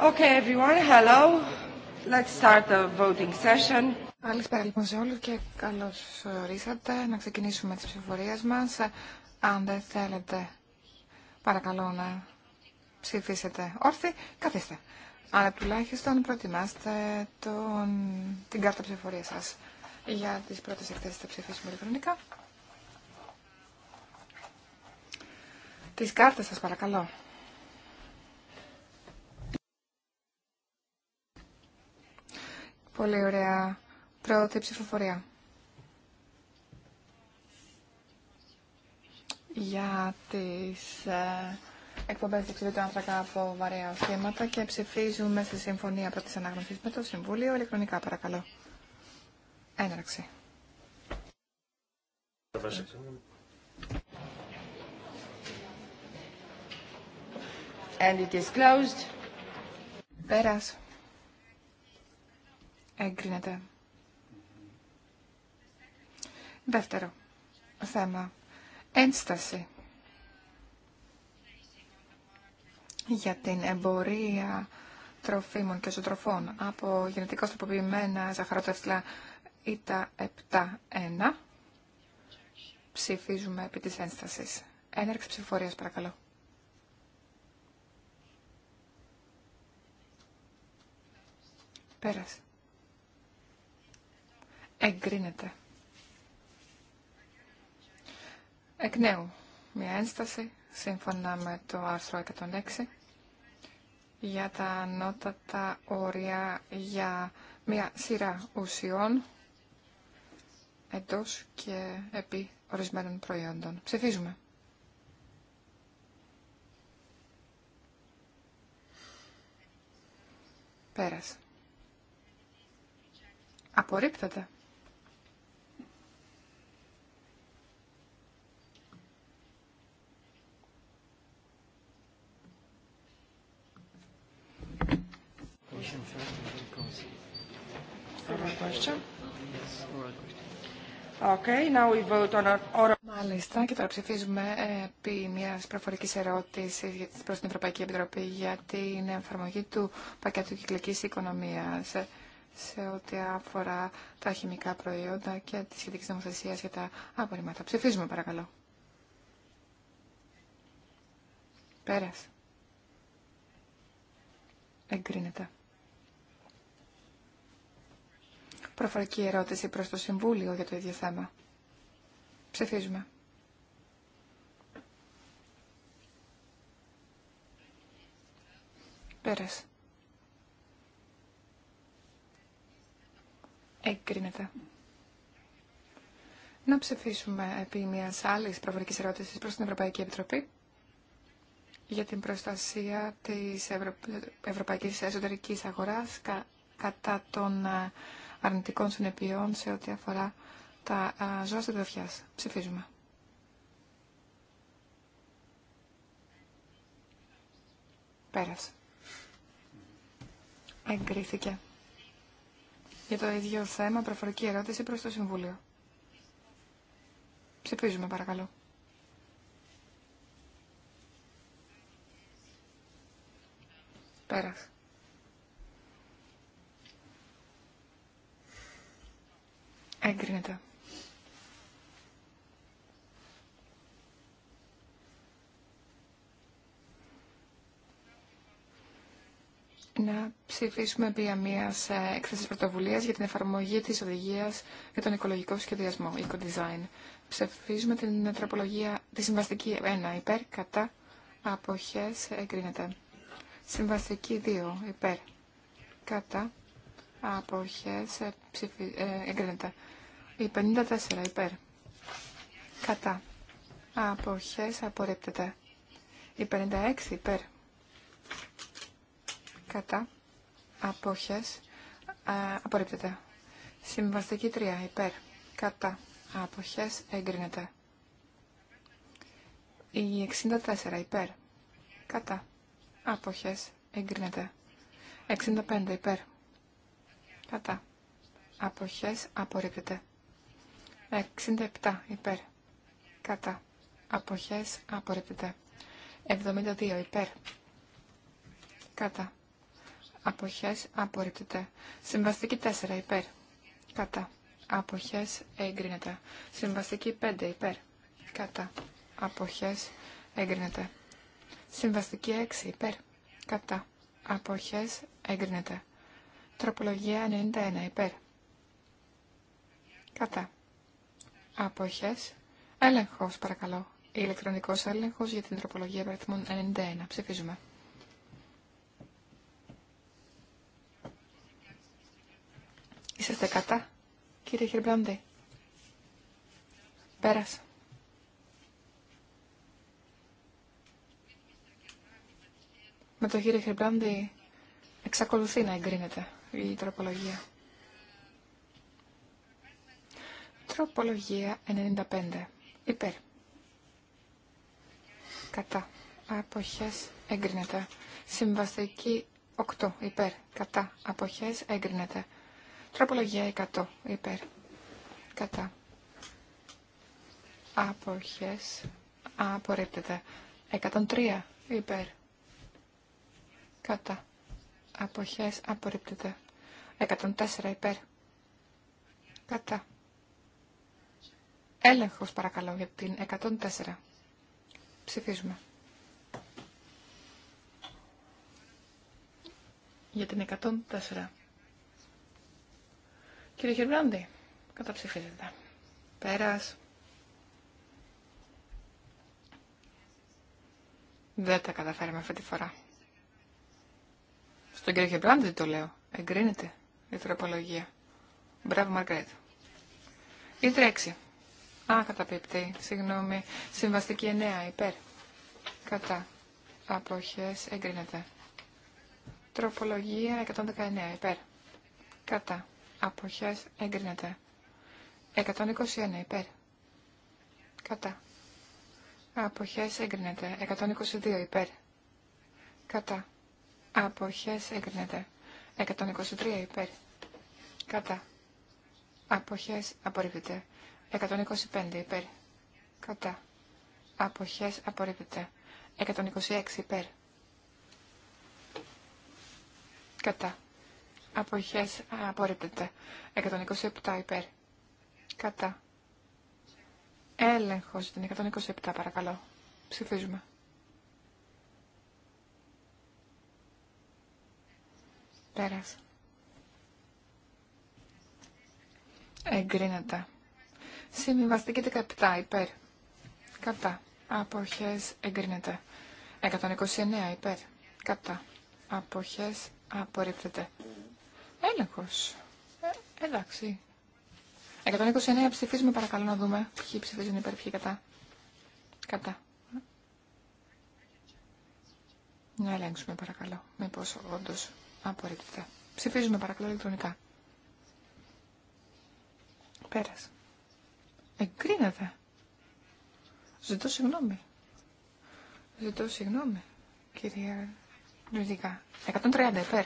Okay, everyone, hello. Let's start the voting session. Καλησπέρα λοιπόν σε όλους και καλώς ορίσατε να ξεκινήσουμε τις ψηφοφορίες μας. Αν δεν θέλετε, παρακαλώ να ψηφίσετε όρθιοι, καθίστε. Αλλά τουλάχιστον προετοιμάστε τον... την κάρτα ψηφοφορία σας για τις πρώτες εκθέσεις θα ψηφίσουμε ηλεκτρονικά. Τις κάρτες σας παρακαλώ. Πολύ ωραία πρώτη ψηφοφορία. Για τις ε, εκπομπές διεξιδίου του άνθρακα από βαρέα οχήματα και ψηφίζουμε στη συμφωνία πρώτη ανάγνωση με το Συμβούλιο ηλεκτρονικά παρακαλώ. Έναρξη. And it is closed. Εγκρίνεται. Δεύτερο θέμα. Ένσταση. Για την εμπορία τροφίμων και ζωοτροφών από γενετικά τροποποιημένα ζαχαρότευλα 7 7-1. Ψηφίζουμε επί της ένστασης. Έναρξη ψηφοφορίας, παρακαλώ. Πέρασε. Εγκρίνεται. Εκ νέου, μια ένσταση σύμφωνα με το άρθρο 106 για τα ανώτατα όρια για μια σειρά ουσιών εντός και επί ορισμένων προϊόντων. Ψηφίζουμε. Πέρασε. Απορρίπτεται. question. Okay, now we vote on Μάλιστα, και τώρα ψηφίζουμε ε, επί μια προφορική ερώτηση προ την Ευρωπαϊκή Επιτροπή για την εφαρμογή του πακέτου κυκλική οικονομία σε ό,τι αφορά τα χημικά προϊόντα και τη σχετική νομοθεσία για τα απορρίμματα. Ψηφίζουμε, παρακαλώ. Πέρας. Εγκρίνεται. προφορική ερώτηση προς το Συμβούλιο για το ίδιο θέμα. Ψηφίζουμε. Πέρας. Εγκρίνεται. Να ψηφίσουμε επί μιας άλλης προφορικής ερώτησης προς την Ευρωπαϊκή Επιτροπή για την προστασία της Ευρω... Ευρωπαϊκής Εσωτερικής Αγοράς κατά των ε, αρνητικών συνεπειών σε ό,τι αφορά τα ζώα στην Ψηφίζουμε. Πέρασε. Εγκρίθηκε. Για το ίδιο θέμα, προφορική ερώτηση προς το Συμβούλιο. Ψηφίζουμε, παρακαλώ. Πέρασε. Εγκρίνεται. να ψηφίσουμε πια μια έκθεση πρωτοβουλία για την εφαρμογή τη οδηγία για τον οικολογικό σχεδιασμό, eco-design. Ψηφίζουμε την τροπολογία, τη συμβαστική 1 υπέρ, κατά, αποχέ, εγκρίνεται. Συμβαστική 2 υπέρ, κατά, αποχέ, ε, ε, εγκρίνεται. Η 54 υπέρ. Κατά. Αποχές απορρίπτεται. Η 56 υπέρ. Κατά. Αποχές απορρίπτεται. Συμβαστική 3 υπέρ. Κατά. Αποχές εγκρίνεται. Η 64 υπέρ. Κατά. Αποχές εγκρίνεται. 65 υπέρ. Κατά. Αποχές απορρίπτεται. 67 υπέρ. Κατά. Αποχές απορρίπτεται. 72 υπέρ. Κατά. Αποχές απορρίπτεται. Συμβαστική 4 υπέρ. Κατά. Αποχές εγκρίνεται. Συμβαστική 5 υπέρ. Κατά. Αποχές εγκρίνεται. Συμβαστική 6 υπέρ. Κατά. Αποχές εγκρίνεται. Τροπολογία 91 υπέρ. Κατά. Αποχές. Έλεγχος, παρακαλώ. Ηλεκτρονικός έλεγχος για την τροπολογία βαριθμών 91. Ψηφίζουμε. Είσαστε κατά, κύριε Χερμπλάντε. Πέρασα. Με τον κύριο Χερμπλάντη εξακολουθεί να εγκρίνεται η τροπολογία. Τροπολογία 95. Υπέρ. Κατά. Αποχές έγκρινεται. Συμβαστική 8. Υπέρ. Κατά. Αποχές έγκρινεται. Τροπολογία 100. Υπέρ. Κατά. Αποχές απορρίπτεται. 103. Υπέρ. Κατά. Αποχές απορρίπτεται. 104. Υπέρ. Κατά. Έλεγχος παρακαλώ για την 104. Ψηφίζουμε. Για την 104. Κύριε Χερμπράντη, καταψηφίζετε. Πέρας. Δεν τα καταφέραμε αυτή τη φορά. Στον κύριο Χερμπράντη το λέω. Εγκρίνεται η τροπολογία. Μπράβο Μαρκρέτ. Ήτρε έξι. Α, καταπίπτει. Συγγνώμη. Συμβαστική 9. Υπέρ. Κατά. Αποχές. Εγκρίνεται. Τροπολογία 119. Υπέρ. Κατά. Αποχές. Εγκρίνεται. 121. Υπέρ. Κατά. Αποχές. Εγκρίνεται. 122. Υπέρ. Κατά. Αποχές. Εγκρίνεται. 123. Υπέρ. Κατά. Αποχές. Απορρίβεται. 125 υπέρ. Κατά. Αποχές απορρίπτεται. 126 υπέρ. Κατά. Αποχές απορρίπτεται. 127 υπέρ. Κατά. Έλεγχος την 127 παρακαλώ. Ψηφίζουμε. Πέρασε Εγκρίνεται. Συμβιβαστική 17 υπέρ. Κατά. Αποχές εγκρίνεται. 129 υπέρ. Κατά. Αποχές απορρίπτεται. Έλεγχος. Ε, εντάξει. 129 ψηφίζουμε παρακαλώ να δούμε ποιοι ψηφίζουν υπέρ, ποιοι κατά. Κατά. Να ελέγξουμε παρακαλώ. Μήπω όντω απορρίπτεται. Ψηφίζουμε παρακαλώ ηλεκτρονικά. Πέρασε. Εγκρίνεται. Ζητώ συγγνώμη. Ζητώ συγγνώμη, κυρία Λουδικά. 130 υπέρ.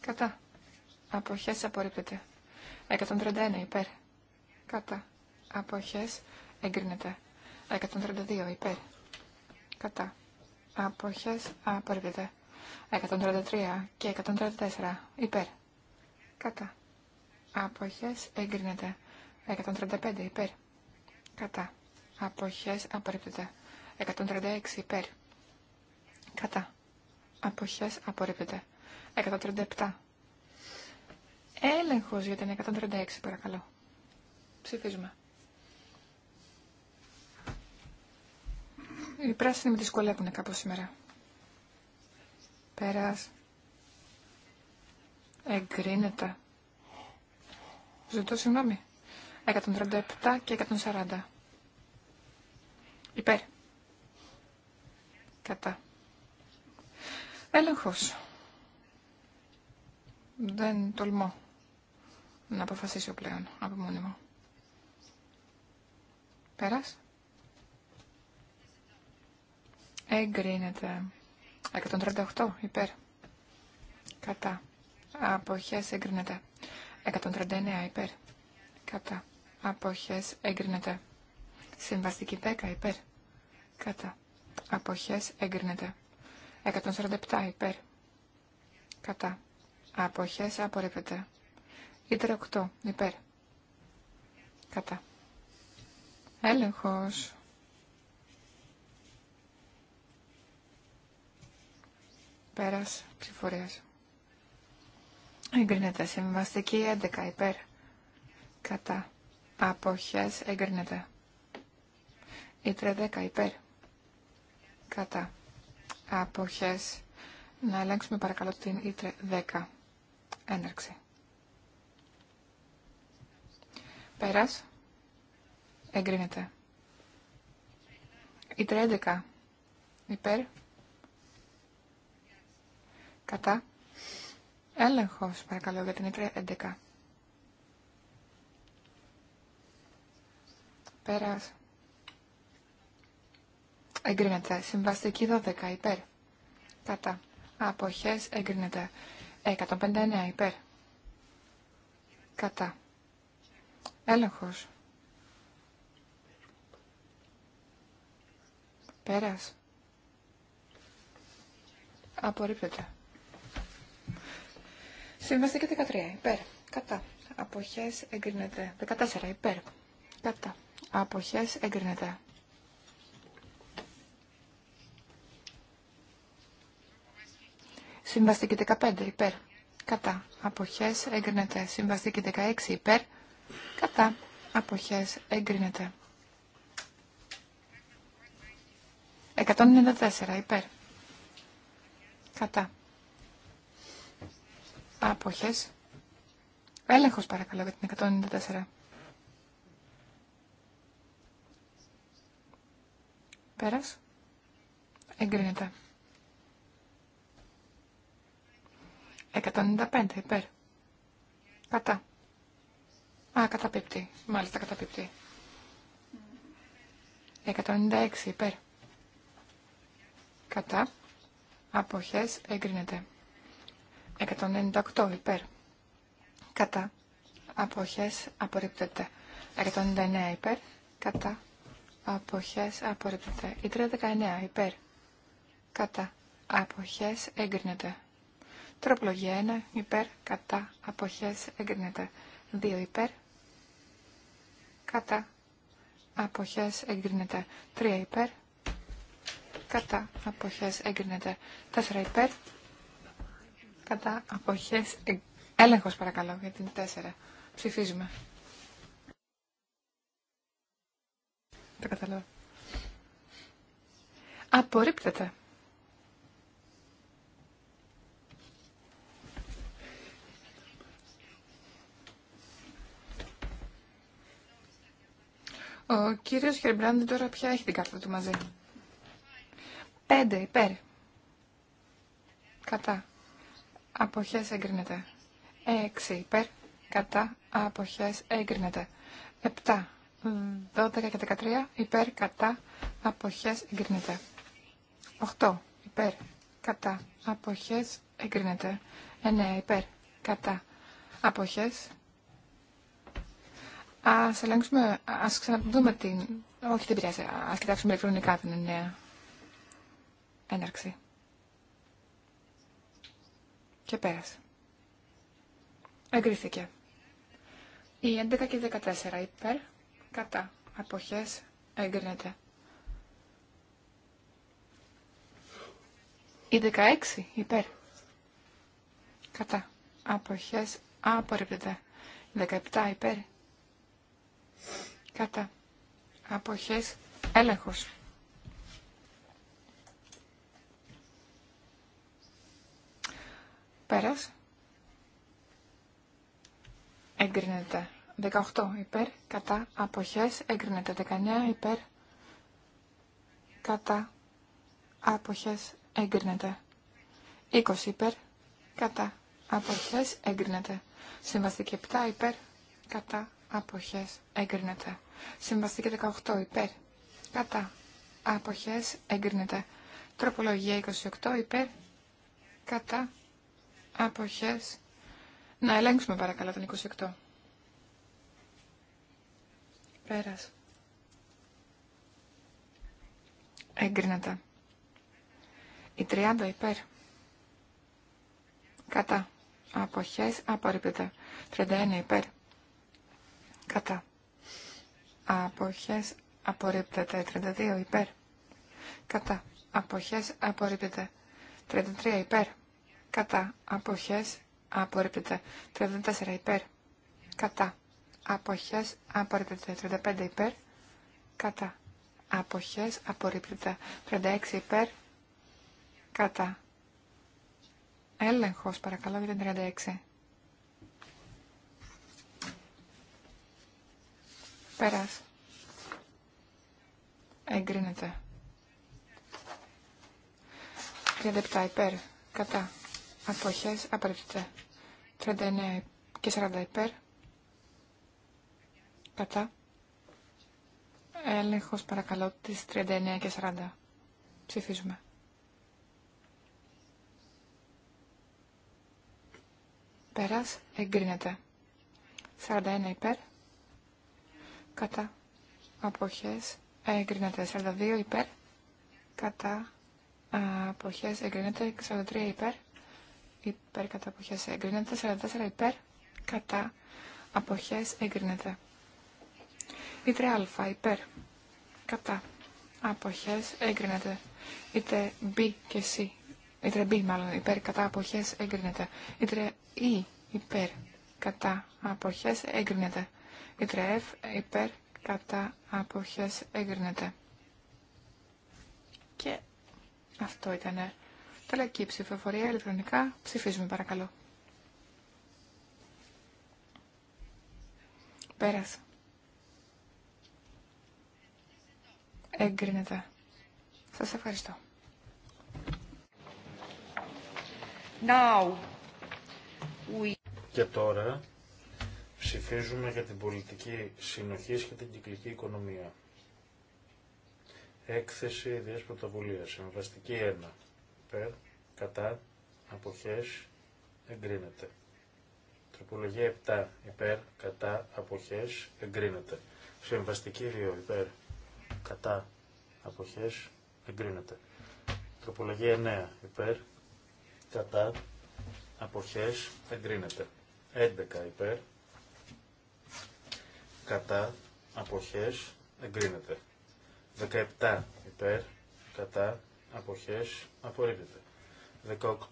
Κατά. Αποχές απορρίπτεται. 131 υπέρ. Κατά. Αποχές εγκρίνεται. 132 υπέρ. Κατά. Αποχές απορρίπτεται. 133 και 134 υπέρ. Κατά. Αποχές εγκρίνεται. 135 υπέρ. Κατά. Αποχές απορρίπτεται. 136 υπέρ. Κατά. Αποχές απορρίπτεται. 137. Έλεγχος για την 136 παρακαλώ. Ψηφίζουμε. Οι πράσινοι με δυσκολεύουν κάπως σήμερα. Πέρας. Εγκρίνεται. Ζητώ συγγνώμη. 137 και 140. Υπέρ. Κατά. Έλεγχος. Δεν τολμώ να αποφασίσω πλέον από μόνη μου. Πέρας. Εγκρίνεται. 138 υπέρ. Κατά. Αποχές εγκρίνεται. 139 υπέρ. Κατά αποχές εγκρίνεται. Συμβαστική 10 υπέρ. Κατά. Αποχές εγκρίνεται. 147 υπέρ. Κατά. Αποχές απορρίπτεται. Ήτρε 8 υπέρ. Κατά. Έλεγχος. Πέρας ψηφορίας. Εγκρίνεται. Συμβαστική 11 υπέρ. Κατά. Αποχές εγκρίνεται. Η 310 υπέρ. Κατά. Αποχές. Να ελέγξουμε παρακαλώ την ήτρε 10. Έναρξη. Πέρας. Εγκρίνεται. Ήτρε 11. Υπέρ. Κατά. Έλεγχος παρακαλώ για την ΙΤΡΕ 11. Πέρας. Εγκρίνεται. Συμβαστική 12 υπέρ. Κατά. Αποχές εγκρίνεται. 159 υπέρ. Κατά. Έλεγχος. Πέρας. Απορρίπτεται. Συμβαστική 13 υπέρ. Κατά. Αποχές εγκρίνεται. 14 υπέρ. Κατά αποχές εγκρίνεται. Συμβαστική 15 υπέρ. Κατά. Αποχές εγκρίνεται. Συμβαστική 16 υπέρ. Κατά. Αποχές εγκρίνεται. 194 υπέρ. Κατά. Αποχές. Έλεγχος παρακαλώ για την 194. Πέρας. Εγκρίνεται. 195 υπέρ. Κατά. Α, καταπίπτει. Μάλιστα καταπίπτει. 196 υπέρ. Κατά. Αποχές εγκρίνεται. 198 υπέρ. Κατά. Αποχές απορρίπτεται. 199 υπέρ. Κατά αποχές απορρίπτεται. Η 319 υπέρ κατά αποχές εγκρίνεται. Τροπολογία 1 υπέρ κατά αποχές εγκρίνεται. 2 υπέρ κατά αποχές εγκρίνεται. 3 υπέρ κατά αποχές εγκρίνεται. 4 υπέρ κατά αποχές εγκρίνεται. Έλεγχος παρακαλώ για την 4. Ψηφίζουμε. Το καταλάβω. Απορρίπτεται. Ο κύριος Χερμπράντη τώρα πια έχει την κάρτα του μαζί. Πέντε υπέρ. Κατά. Αποχές εγκρίνεται. Έξι υπέρ. Κατά. Αποχές εγκρίνεται. Επτά 12 και 13 υπέρ κατά αποχές εγκρίνεται. 8 υπέρ κατά αποχές εγκρίνεται. 9 υπέρ κατά αποχές. Ας ελέγξουμε, ας ξαναδούμε την... Όχι δεν πειράζει, ας κοιτάξουμε ηλεκτρονικά την νέα έναρξη. Και πέρασε. Εγκρίθηκε. Η 11 και 14 υπέρ κατά αποχές εγκρίνεται. Η 16 υπέρ κατά αποχές απορρίπτεται. Η 17 υπέρ κατά αποχές έλεγχος. Πέρας εγκρίνεται 18 υπέρ, κατά, αποχές, εγκρίνεται. 19 υπέρ, κατά, αποχές, εγκρίνεται. 20 υπέρ, κατά, αποχές, εγκρίνεται. Συμβαστική 7 υπέρ, κατά, αποχές, εγκρίνεται. Συμβαστική 18 υπέρ, κατά, αποχές, εγκρίνεται. Τροπολογία 28 υπέρ, κατά, αποχές, να ελέγξουμε παρακαλώ τον 28. Πέρας. Έγκρινεται. Η 30 υπέρ. Κατά. Αποχές απορρίπτεται. 31 υπέρ. Κατά. Αποχές απορρίπτεται. 32 υπέρ. Κατά. Αποχές απορρίπτεται. 33 υπέρ. Κατά. Αποχές απορρίπτεται. 34 υπέρ. Κατά αποχές απορρίπτεται 35 υπέρ κατά αποχές απορρίπτεται 36 υπέρ κατά έλεγχος παρακαλώ για την 36 πέρας εγκρίνεται 37 υπέρ κατά αποχές απορρίπτεται 39 και 40 υπέρ Κατά. Έλεγχος παρακαλώ τις 39 και 40. Ψηφίζουμε. Πέρας εγκρίνεται. 41 υπέρ. Κατά. Αποχές εγκρίνεται. 42 υπέρ. Κατά. Αποχές εγκρίνεται. 43 υπέρ. Υπέρ κατά αποχές εγκρίνεται. 44 υπέρ. Κατά. Αποχές εγκρίνεται. Ήτρε α, υπέρ. Κατά. Αποχές έγκρινεται. Ήτρε β και σ. Ήτρε μάλλον υπέρ. Κατά. Αποχές έγκρινεται. Ήτρε E υπέρ. Κατά. Αποχές έγκρινεται. Ήτρε f υπέρ. Κατά. Αποχές έγκρινεται. Και αυτό ήταν. Τελική ψηφοφορία ηλεκτρονικά. Ψηφίζουμε παρακαλώ. Πέρασε. Εγκρίνεται. Σας ευχαριστώ. Now. Και τώρα ψηφίζουμε για την πολιτική συνοχή και την κυκλική οικονομία. Έκθεση ιδέας πρωτοβουλίας. Συμβαστική 1. Περ, κατά, αποχές, εγκρίνεται. Τροπολογία 7. Υπέρ, κατά, αποχές, εγκρίνεται. Συμβαστική 2. Υπέρ, κατά αποχές εγκρίνεται. Τροπολογία 9 υπέρ κατά αποχές εγκρίνεται. 11 υπέρ κατά αποχές εγκρίνεται. 17 υπέρ κατά αποχές απορρίπτεται.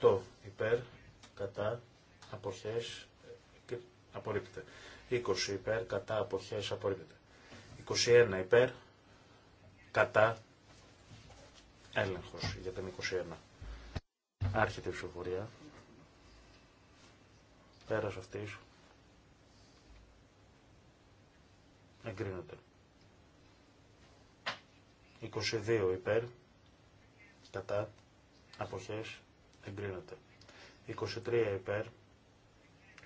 18 υπέρ κατά αποχές απορρίπτεται. 20 υπέρ κατά αποχές απορρίπτεται. 21 υπέρ κατά έλεγχος για την 21. Άρχεται η ψηφοφορία. Πέρας αυτής. Εγκρίνεται. 22 υπέρ. Κατά. Αποχές. Εγκρίνεται. 23 υπέρ.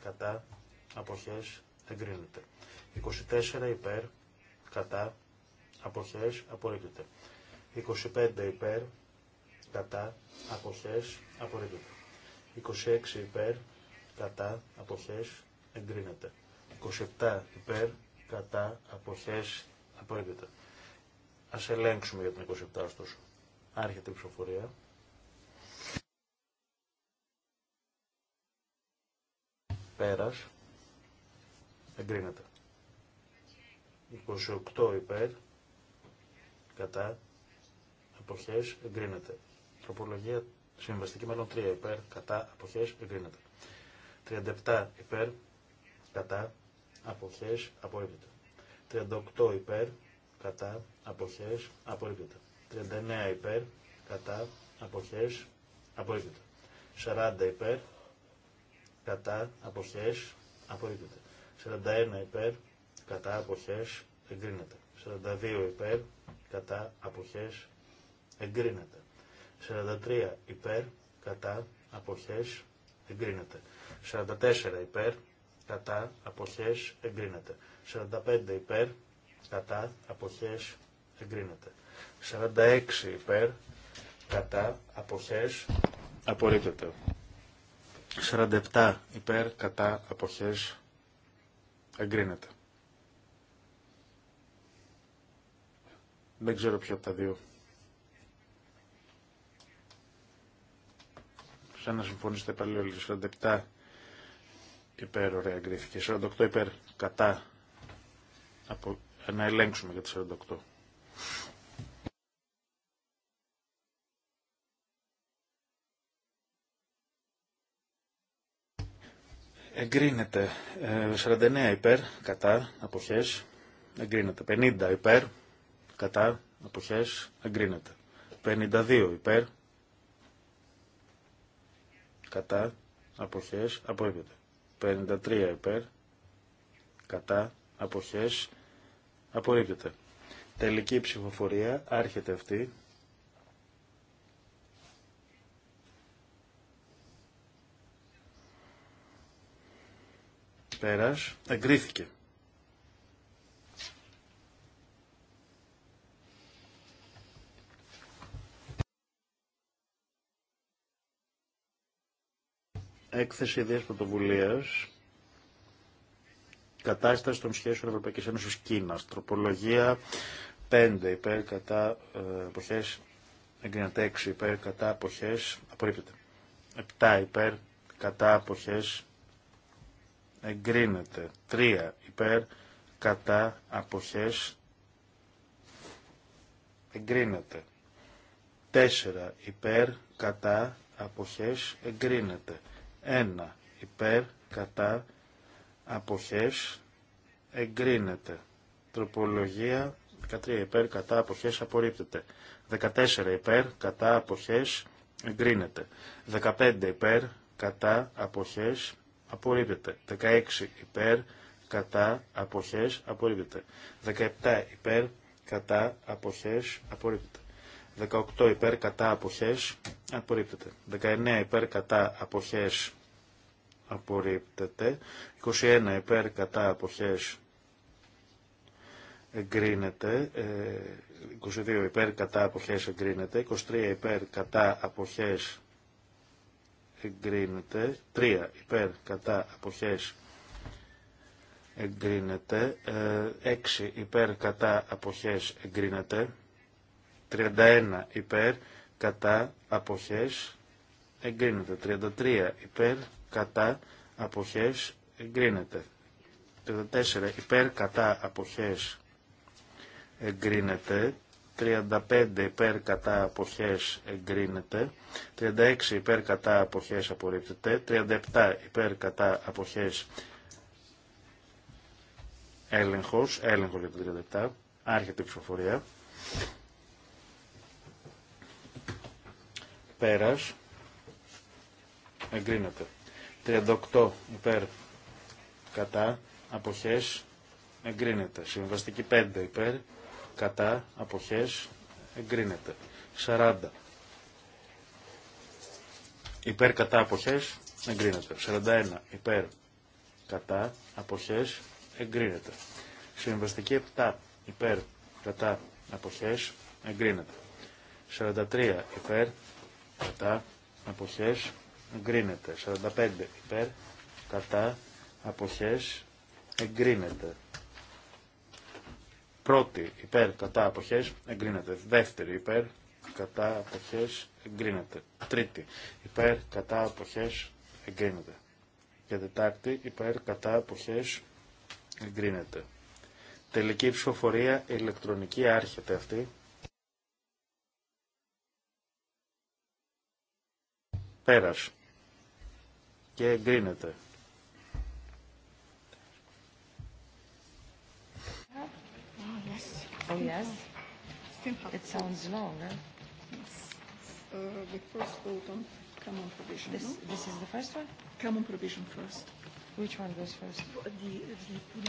Κατά. Αποχές. Εγκρίνεται. 24 υπέρ. Κατά αποχές απορρίπτεται. 25 υπέρ, κατά, αποχές απορρίπτεται. 26 υπέρ, κατά, αποχές εγκρίνεται. 27 υπέρ, κατά, αποχές απορρίπτεται. Ας ελέγξουμε για την 27 ωστόσο. Άρχεται η ψηφοφορία. Πέρας. Εγκρίνεται. 28 υπέρ, κατά, αποχές, εγκρίνεται. Τροπολογία συμβαστική μάλλον 3 υπέρ, κατά, αποχές, εγκρίνεται. 37 υπέρ, κατά, αποχές, απορρίπτεται. 38 υπέρ, κατά, αποχές, απορρίπτεται. 39 υπέρ, κατά, αποχές, απορρίπτεται. 40 υπέρ, κατά, αποχές, απορρίπτεται. 41 υπέρ, κατά, αποχές, εγκρίνεται. 42 υπέρ, κατά, αποχές, εγκρίνεται. 43 υπέρ, κατά, αποχές, εγκρίνεται. 44 υπέρ, κατά, αποχές, εγκρίνεται. 45 υπέρ, κατά, αποχές, εγκρίνεται. 46 υπέρ, κατά, αποχές, απορρίπτεται. 47 υπέρ, κατά, αποχές, εγκρίνεται. Δεν ξέρω ποιο από τα δύο. Σαν να συμφωνήσετε πάλι όλοι. 47 υπέρ, ωραία, εγκρίθηκε. 48 υπέρ, κατά. Από, να ελέγξουμε για το 48. Εγκρίνεται 49 ε, υπέρ, κατά, αποχές. Εγκρίνεται 50 υπέρ, κατά, αποχές, εγκρίνεται. 52 υπέρ, κατά, αποχές, απορρίπτεται. 53 υπέρ, κατά, αποχές, απορρίπτεται. Τελική ψηφοφορία, άρχεται αυτή. Πέρας, εγκρίθηκε. έκθεση ιδέας πρωτοβουλία κατάσταση των σχέσεων Ευρωπαϊκή Ένωση Κίνας. Τροπολογία 5 υπέρ κατά εποχές, εγκρίνεται 6 υπέρ κατά εποχές, απορρίπτεται. 7 υπέρ κατά εποχές, εγκρίνεται. 3 υπέρ κατά αποχές, εγκρίνεται. 4 υπέρ κατά αποχές, εγκρίνεται. 1 υπέρ κατά αποχές εγκρίνεται. Τροπολογία 13 υπέρ κατά αποχές απορρίπτεται. 14 υπέρ κατά αποχές εγκρίνεται. 15 υπέρ κατά αποχές απορρίπτεται. 16 υπέρ κατά αποχές απορρίπτεται. 17 υπέρ κατά αποχές απορρίπτεται. 18 υπέρ κατά αποχές απορρίπτεται. 19 υπέρ κατά αποχές απορρίπτεται. 21 υπέρ κατά αποχές εγκρίνεται. 22 ε, υπέρ κατά αποχές εγκρίνεται. 23 υπέρ κατά αποχές εγκρίνεται. 3 υπέρ κατά αποχές εγκρίνεται. 6 ε, υπέρ κατά αποχές εγκρίνεται. 31 υπέρ κατά αποχές εγκρίνεται. 33 υπέρ κατά αποχές εγκρίνεται. 34 υπέρ κατά αποχές εγκρίνεται. 35 υπέρ κατά αποχές εγκρίνεται, 36 υπέρ κατά αποχές απορρίπτεται, 37 υπέρ κατά αποχές έλεγχος, έλεγχο για το 37, άρχεται η ψηφοφορία, πέρας, εγκρίνεται. 38 υπέρ κατά αποχές εγκρίνεται. Συμβαστική 5 υπέρ κατά αποχές εγκρίνεται. 40 υπέρ κατά αποχές εγκρίνεται. 41 υπέρ κατά αποχές εγκρίνεται. Συμβαστική 7 υπέρ κατά αποχές εγκρίνεται. 43 υπέρ κατά αποχές εγκρίνεται. 45 υπέρ, κατά, αποχές, εγκρίνεται. Πρώτη υπέρ, κατά, αποχές, εγκρίνεται. Δεύτερη υπέρ, κατά, αποχές, εγκρίνεται. Τρίτη υπέρ, κατά, αποχές, εγκρίνεται. Και τετάρτη υπέρ, κατά, αποχές, εγκρίνεται. Τελική ψηφοφορία ηλεκτρονική άρχεται αυτή. Πέρας. Και εγκρίνεται. Oh, yes. yes. It sounds long, Yes. Uh, the first vote on common provision. This, is the first one? Common provision first. Which one goes first? The, the,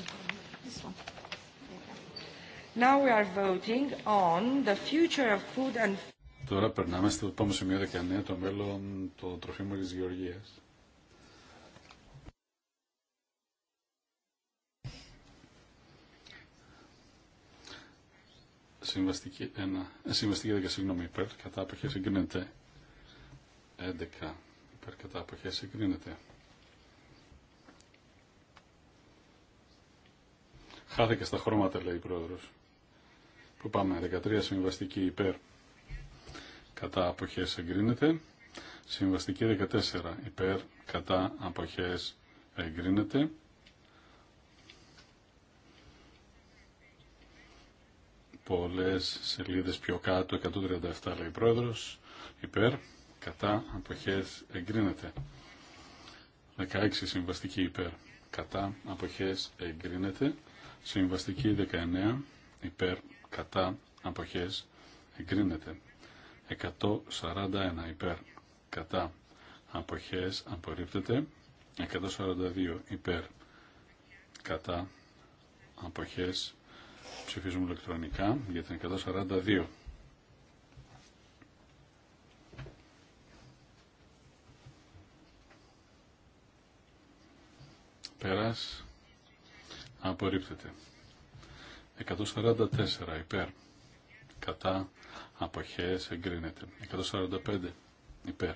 this one. Now we are voting on the future of food and Τώρα περνάμε στο σε σημείο 19, το μέλλον των τροφίμων της Γεωργίας. Συμβαστική 1, ε, συμβαστική συγγνώμη, υπέρ, κατά αποχές εγκρίνεται. 11, υπέρ, κατά αποχές εγκρίνεται. Χάθηκε στα χρώματα, λέει η πρόεδρος. Που πάμε, 13, συμβαστική υπέρ, κατά αποχές εγκρίνεται. Συμβαστική 14 υπέρ κατά αποχές εγκρίνεται. Πολλές σελίδες πιο κάτω, 137 λέει πρόεδρος, υπέρ κατά αποχές εγκρίνεται. 16 συμβαστική υπέρ κατά αποχές εγκρίνεται. Συμβαστική 19 υπέρ κατά αποχές εγκρίνεται. 141 υπέρ κατά αποχές απορρίπτεται 142 υπέρ κατά αποχές ψηφίζουμε ηλεκτρονικά για την 142 πέρας απορρίπτεται 144 υπέρ κατά αποχές εγκρίνεται 145 υπέρ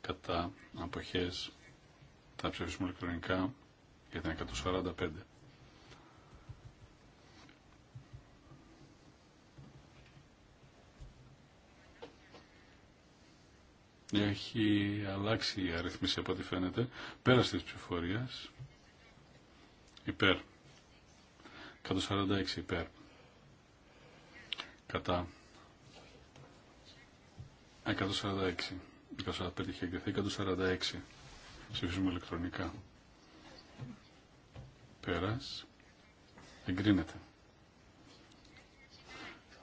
κατά αποχές θα ψηφίσουμε ηλεκτρονικά για την 145 Έχει αλλάξει η αριθμίση από ό,τι φαίνεται. Πέρας της ψηφορίας. Υπέρ. 146 υπέρ κατά 146. 145 146. Ψηφίζουμε ηλεκτρονικά. Πέρας. Εγκρίνεται.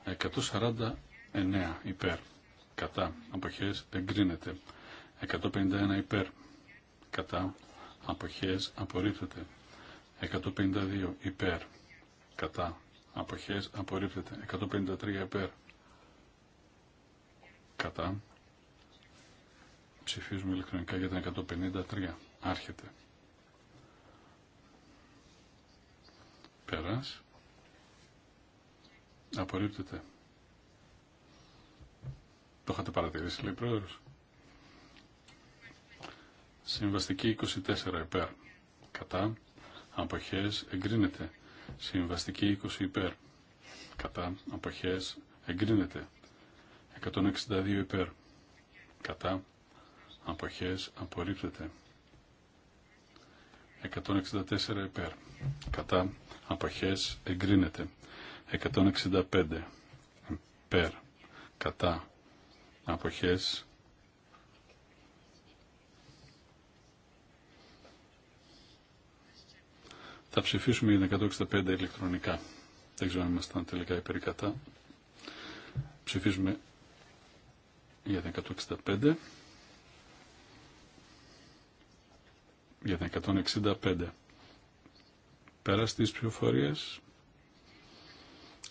149 υπέρ. Κατά. Αποχές. Εγκρίνεται. 151 υπέρ. Κατά. Αποχές. Απορρίπτεται. 152 υπέρ. Κατά αποχές απορρίπτεται 153 επέρ κατά ψηφίζουμε ηλεκτρονικά για τα 153 άρχεται πέρας απορρίπτεται το είχατε παρατηρήσει λέει πρόεδρος συμβαστική 24 υπέρ κατά αποχές εγκρίνεται Συμβαστική 20 υπέρ. Κατά αποχές εγκρίνεται. 162 υπέρ. Κατά αποχές απορρίπτεται. 164 υπέρ. Κατά αποχές εγκρίνεται. 165 υπέρ. Κατά αποχές Θα ψηφίσουμε για 165 ηλεκτρονικά. Δεν ξέρω αν ήμασταν τελικά υπερικατά. Ψηφίσουμε για 165. Για 165. Πέρα στις ψηφοφορίες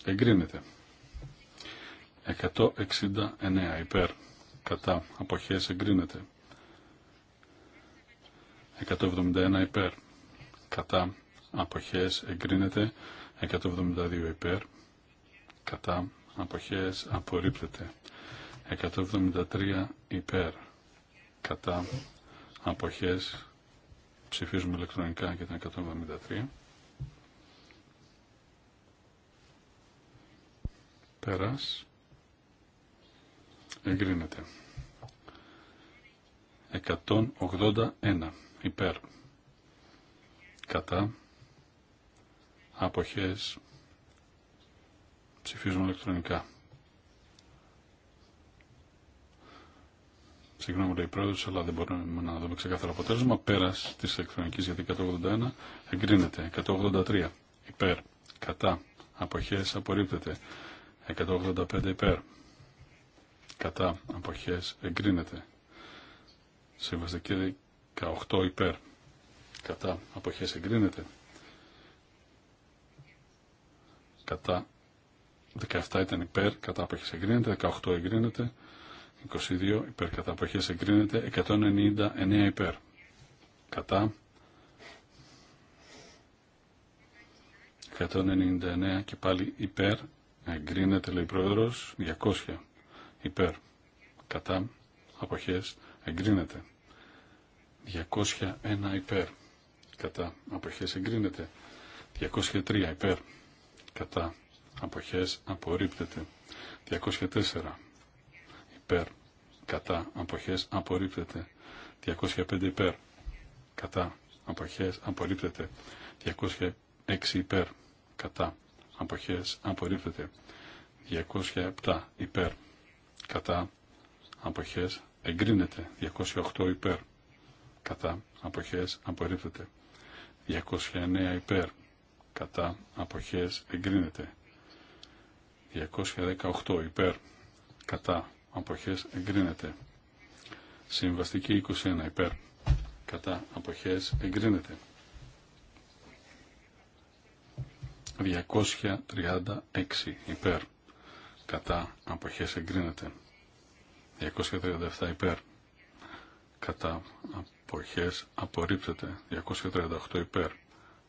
εγκρίνεται. 169 υπέρ κατά αποχές εγκρίνεται. 171 υπέρ κατά αποχές εγκρίνεται 172 υπέρ κατά αποχές απορρίπτεται 173 υπέρ κατά αποχές ψηφίζουμε ηλεκτρονικά για τα 173 πέρας εγκρίνεται 181 υπέρ κατά αποχές ψηφίζουμε ηλεκτρονικά. Συγγνώμη, λέει πρόεδρος, αλλά δεν μπορούμε να δούμε ξεκάθαρα αποτέλεσμα. Πέρας της ηλεκτρονικής, γιατί 181 εγκρίνεται. 183 υπέρ. Κατά. αποχές απορρίπτεται. 185 υπέρ. Κατά. αποχές εγκρίνεται. Συμβαστική 18 υπέρ. Κατά. αποχές εγκρίνεται. κατά 17 ήταν υπέρ, κατά αποχές εγκρίνεται, 18 εγκρίνεται, 22 υπέρ κατά αποχές εγκρίνεται, 199 υπέρ κατά 199 και πάλι υπέρ εγκρίνεται λέει πρόεδρος 200 υπέρ κατά αποχές εγκρίνεται 201 υπέρ κατά αποχές εγκρίνεται 203 υπέρ κατά αποχές απορρίπτεται 204 υπέρ κατά αποχές απορρίπτεται 205 υπέρ κατά αποχές απορρίπτεται 206 υπέρ κατά αποχές απορρίπτεται 207 υπέρ κατά αποχές εγκρίνεται 208 υπέρ κατά αποχές απορρίπτεται 209 υπέρ κατά αποχές εγκρίνεται 218 υπέρ κατά αποχές εγκρίνεται συμβαστική 21 υπέρ κατά αποχές εγκρίνεται 236 υπέρ κατά αποχές εγκρίνεται 237 υπέρ κατά αποχές απορρίπτεται 238 υπέρ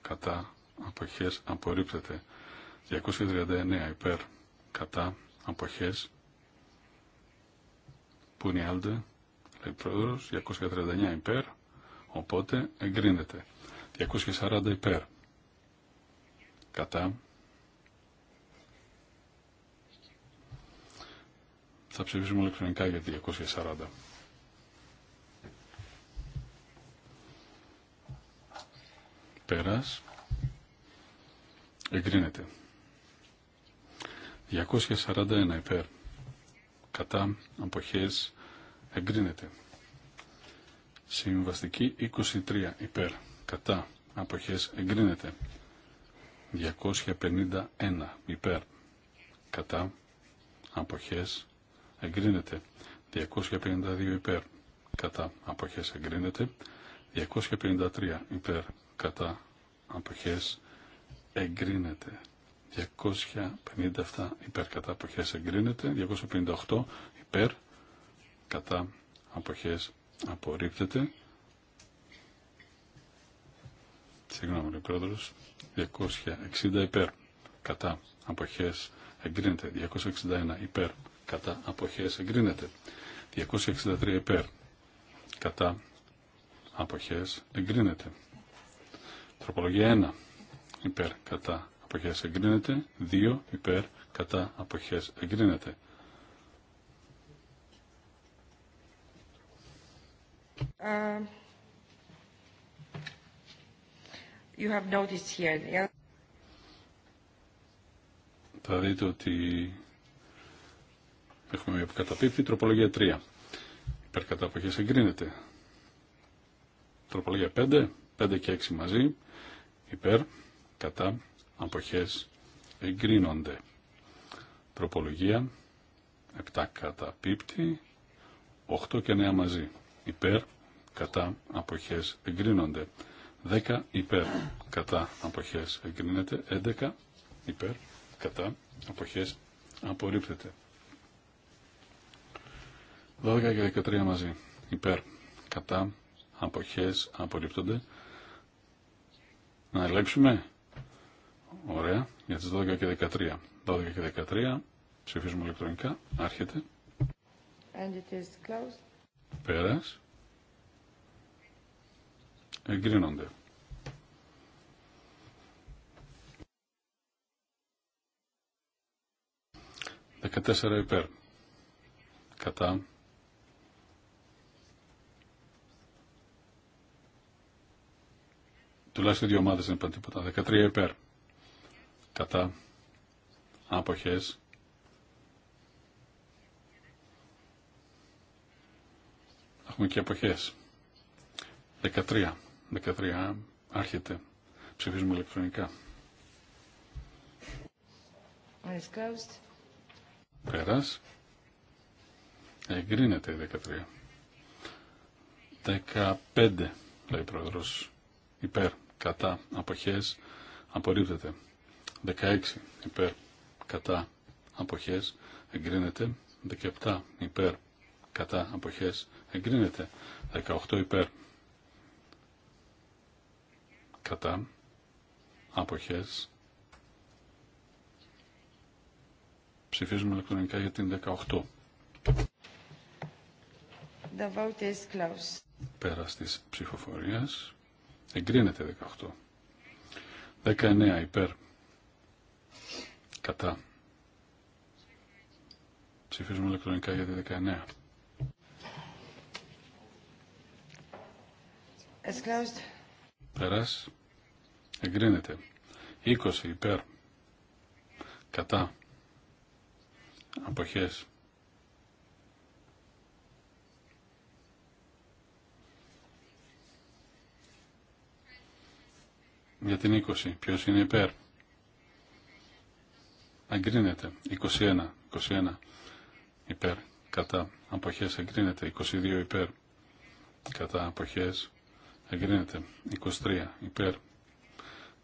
κατά αποχές απορρίπτεται 239 υπέρ κατά αποχές που είναι η λέει πρόεδρος 239 υπέρ οπότε εγκρίνεται 240 υπέρ κατά θα ψηφίσουμε ηλεκτρονικά για 240 πέρας Εγκρίνεται. 241 υπέρ. Κατά αποχές εγκρίνεται. Συμβαστική 23 υπέρ. Κατά αποχές εγκρίνεται. 251 υπέρ. Κατά αποχές εγκρίνεται. 252 υπέρ. Κατά αποχές εγκρίνεται. 253 υπέρ. Κατά αποχές εγκρίνεται. 257 υπέρ κατά αποχές εγκρίνεται. 258 υπέρ κατά αποχές απορρίπτεται. Συγγνώμη, ο πρόεδρος. 260 υπέρ κατά αποχές εγκρίνεται. 261 υπέρ κατά αποχές εγκρίνεται. 263 υπέρ κατά αποχές εγκρίνεται. Τροπολογία 1 υπέρ κατά αποχές εγκρίνεται. 2 υπέρ κατά αποχές εγκρίνεται. Uh, you have noticed here. Yeah. Θα δείτε ότι έχουμε μια καταπίπτη τροπολογία 3. Υπέρ κατά αποχές εγκρίνεται. Τροπολογία 5, 5 και 6 μαζί. Υπέρ κατά αποχές εγκρίνονται. Τροπολογία 7 κατά πίπτη, 8 και 9 μαζί. Υπέρ, κατά αποχές εγκρίνονται. 10 υπέρ, κατά αποχές εγκρίνεται. 11 υπέρ, κατά αποχές απορρίπτεται. 12 και 13 μαζί. Υπέρ, κατά αποχές απορρίπτονται. Να ελέγξουμε. Ωραία. Για τις 12 και 13. 12 και 13 ψηφίζουμε ηλεκτρονικά. Άρχεται. And it is closed. Πέρας. Εγκρίνονται. Δεκατέσσερα υπέρ. Κατά. Τουλάχιστον δύο ομάδες δεν είπαν τίποτα. Δεκατρία υπέρ κατά άποχες έχουμε και εποχές 13 13 άρχεται ψηφίζουμε ηλεκτρονικά Πέρας εγκρίνεται η 13 15 λέει πρόεδρος υπέρ κατά αποχές απορρίπτεται 16 υπέρ κατά αποχές εγκρίνεται 17 υπέρ κατά αποχές εγκρίνεται 18 υπέρ κατά αποχές ψηφίζουμε ηλεκτρονικά για την 18 The vote is Πέρα της ψηφοφορίας εγκρίνεται 18 19 υπέρ Κατά. Ψηφίζουμε ηλεκτρονικά για τη 19. It's Περάς. Εγκρίνεται. 20 υπέρ. Κατά. Αποχές. Για την 20. Ποιος είναι υπέρ εγκρίνεται. 21, 21 υπέρ κατά αποχές εγκρίνεται. 22 υπέρ κατά αποχές εγκρίνεται. 23 υπέρ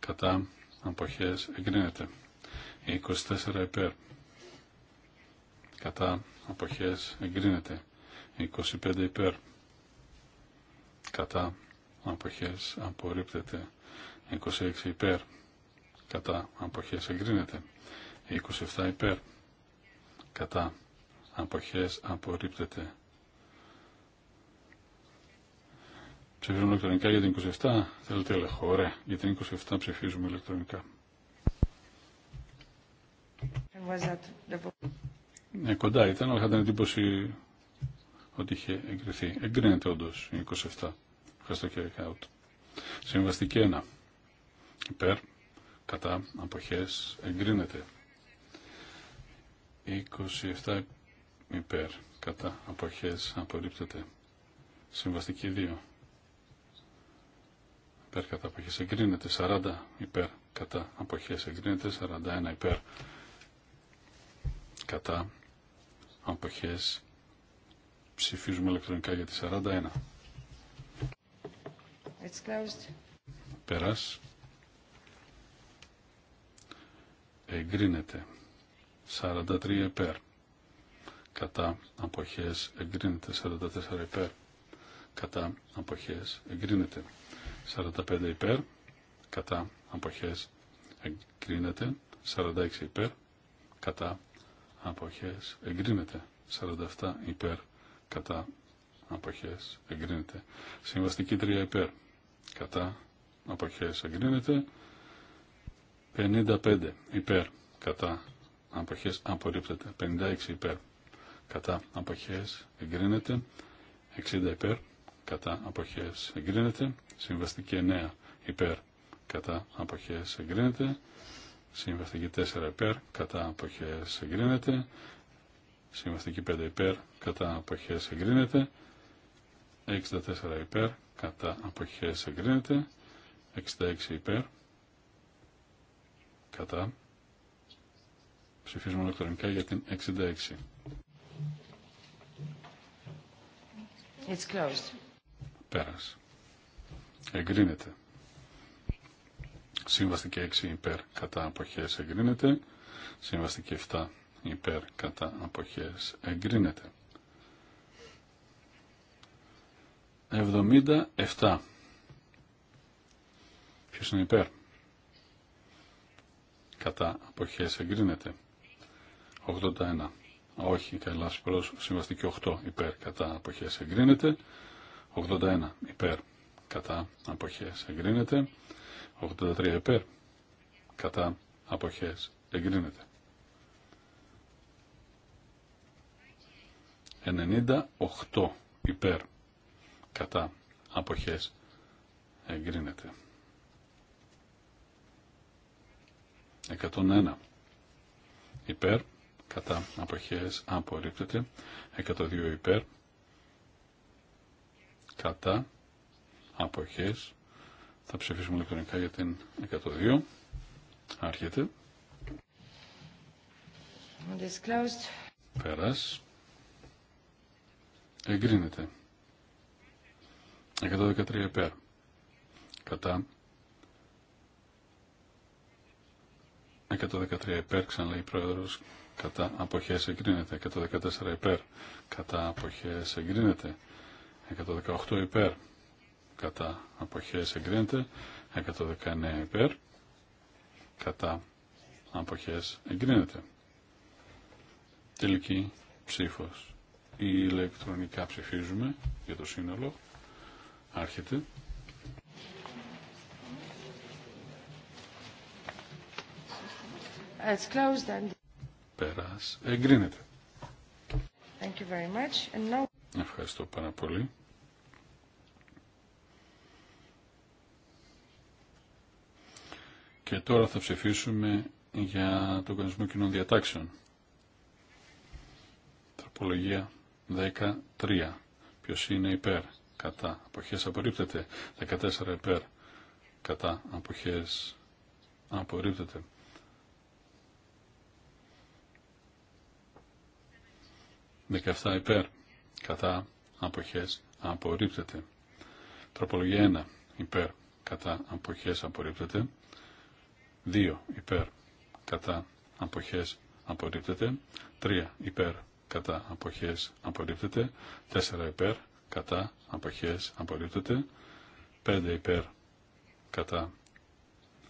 κατά αποχές εγκρίνεται. 24 υπέρ κατά αποχές εγκρίνεται. 25 υπέρ κατά αποχές απορρίπτεται. 26 υπέρ κατά αποχές εγκρίνεται. 27 υπέρ κατά αποχές απορρίπτεται. Ψηφίζουμε ηλεκτρονικά για την 27. Θέλετε έλεγχο. Ωραία. Για την 27 ψηφίζουμε ηλεκτρονικά. Ναι, κοντά ήταν, αλλά είχατε την εντύπωση ότι είχε εγκριθεί. Εγκρίνεται όντω η 27. Ευχαριστώ κύριε Κάουτ. Συμβαστική 1. Υπέρ, κατά, αποχές, εγκρίνεται. 27 υπέρ κατά αποχές απορρίπτεται συμβαστική 2 υπέρ κατά αποχές εγκρίνεται 40 υπέρ κατά αποχές εγκρίνεται 41 υπέρ κατά αποχές ψηφίζουμε ηλεκτρονικά για τη 41 It's closed. Περάς εγκρίνεται 43 υπέρ. Κατά αποχές εγκρίνεται. 44 υπέρ. Κατά αποχές εγκρίνεται. 45 υπέρ. Κατά αποχές εγκρίνεται. 46 υπέρ. Κατά αποχές εγκρίνεται. 47 υπέρ. Κατά αποχές εγκρίνεται. Συμβαστική 3 υπέρ. Κατά αποχές εγκρίνεται. 55 υπέρ. Κατά αποχές απορρίπτεται. 56 υπέρ κατά αποχές εγκρίνεται. 60 υπέρ κατά αποχές εγκρίνεται. Συμβαστική 9 υπέρ κατά αποχές εγκρίνεται. Συμβαστική 4 υπέρ κατά αποχές εγκρίνεται. Συμβαστική 5 υπέρ κατά αποχές εγκρίνεται. 64 υπέρ κατά αποχές εγκρίνεται. 66 υπέρ κατά Ψηφίζουμε ηλεκτρονικά για την 66. It's closed. Πέρας. Εγκρίνεται. Συμβαστική 6 υπέρ κατά αποχές εγκρίνεται. Συμβαστική 7 υπέρ κατά αποχές εγκρίνεται. 77. Ποιος είναι υπέρ. Κατά αποχές εγκρίνεται. 81. Όχι, καλά, προς συμβαστική 8 υπέρ κατά αποχές εγκρίνεται. 81 υπέρ κατά αποχές εγκρίνεται. 83 υπέρ κατά αποχές εγκρίνεται. 98 υπέρ κατά αποχές εγκρίνεται. 101 υπέρ κατά αποχές απορρίπτεται 102 υπέρ κατά αποχές θα ψηφίσουμε ηλεκτρονικά για την 102 άρχεται πέρας εγκρίνεται 113 υπέρ κατά 113 υπέρ ξαναλέει η πρόεδρος κατά αποχές εγκρίνεται 114 υπέρ κατά αποχές εγκρίνεται 118 υπέρ κατά αποχές εγκρίνεται 119 υπέρ κατά αποχές εγκρίνεται τελική ψήφος ή ηλεκτρονικά ψηφίζουμε για το σύνολο άρχεται It's closed Πέρας. Εγκρίνεται. Thank you very much. And now... Ευχαριστώ πάρα πολύ. Και τώρα θα ψηφίσουμε για τον κανονισμό κοινών διατάξεων. Τροπολογία 13. Ποιος είναι υπέρ, κατά, αποχές απορρίπτεται. 14 υπέρ, κατά, αποχές απορρίπτεται. 17 υπέρ. Κατά αποχές απορρίπτεται. Τροπολογία 1 υπέρ. Κατά αποχές απορρίπτεται. 2 υπέρ. Κατά αποχές απορρίπτεται. 3 υπέρ. Κατά αποχές απορρίπτεται. 4 υπέρ. Κατά αποχές απορρίπτεται. 5 υπέρ. Κατά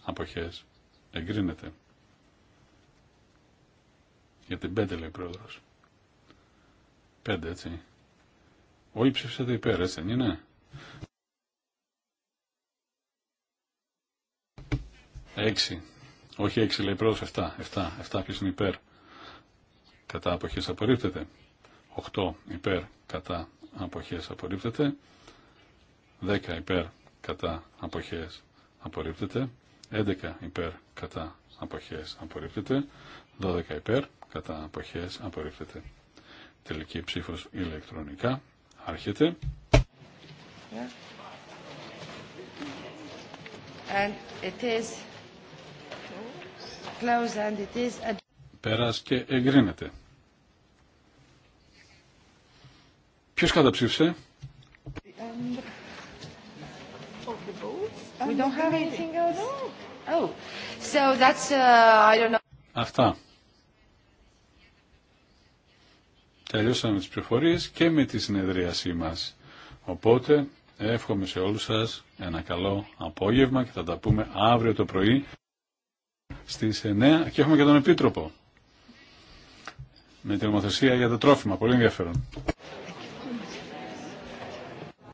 αποχές εγκρίνεται. Για την 5 λέει πρόεδρος. 5, έτσι. Όλοι ψήφισατε υπέρ, έτσι δεν είναι. Έξι. Όχι έξι λέει πρώτος, εφτά. Εφτά. Εφτά ποιος είναι υπέρ. Κατά αποχές απορρίπτεται. Οχτώ υπέρ. Κατά αποχές απορρίπτεται. Δέκα υπέρ. Κατά αποχές απορρίπτεται. 11 υπέρ κατά αποχές απορρίπτεται, 12 υπέρ κατά αποχές απορρίπτεται. Τελική ψήφος ηλεκτρονικά. Άρχεται. And και εγκρίνεται. Ποιος καταψήφισε? Αυτά. τελειώσαμε τις πληροφορίες και με τη συνεδρίασή μας. Οπότε εύχομαι σε όλους σας ένα καλό απόγευμα και θα τα πούμε αύριο το πρωί στις 9 και έχουμε και τον Επίτροπο με την ομοθεσία για τα τρόφιμα. Πολύ ενδιαφέρον.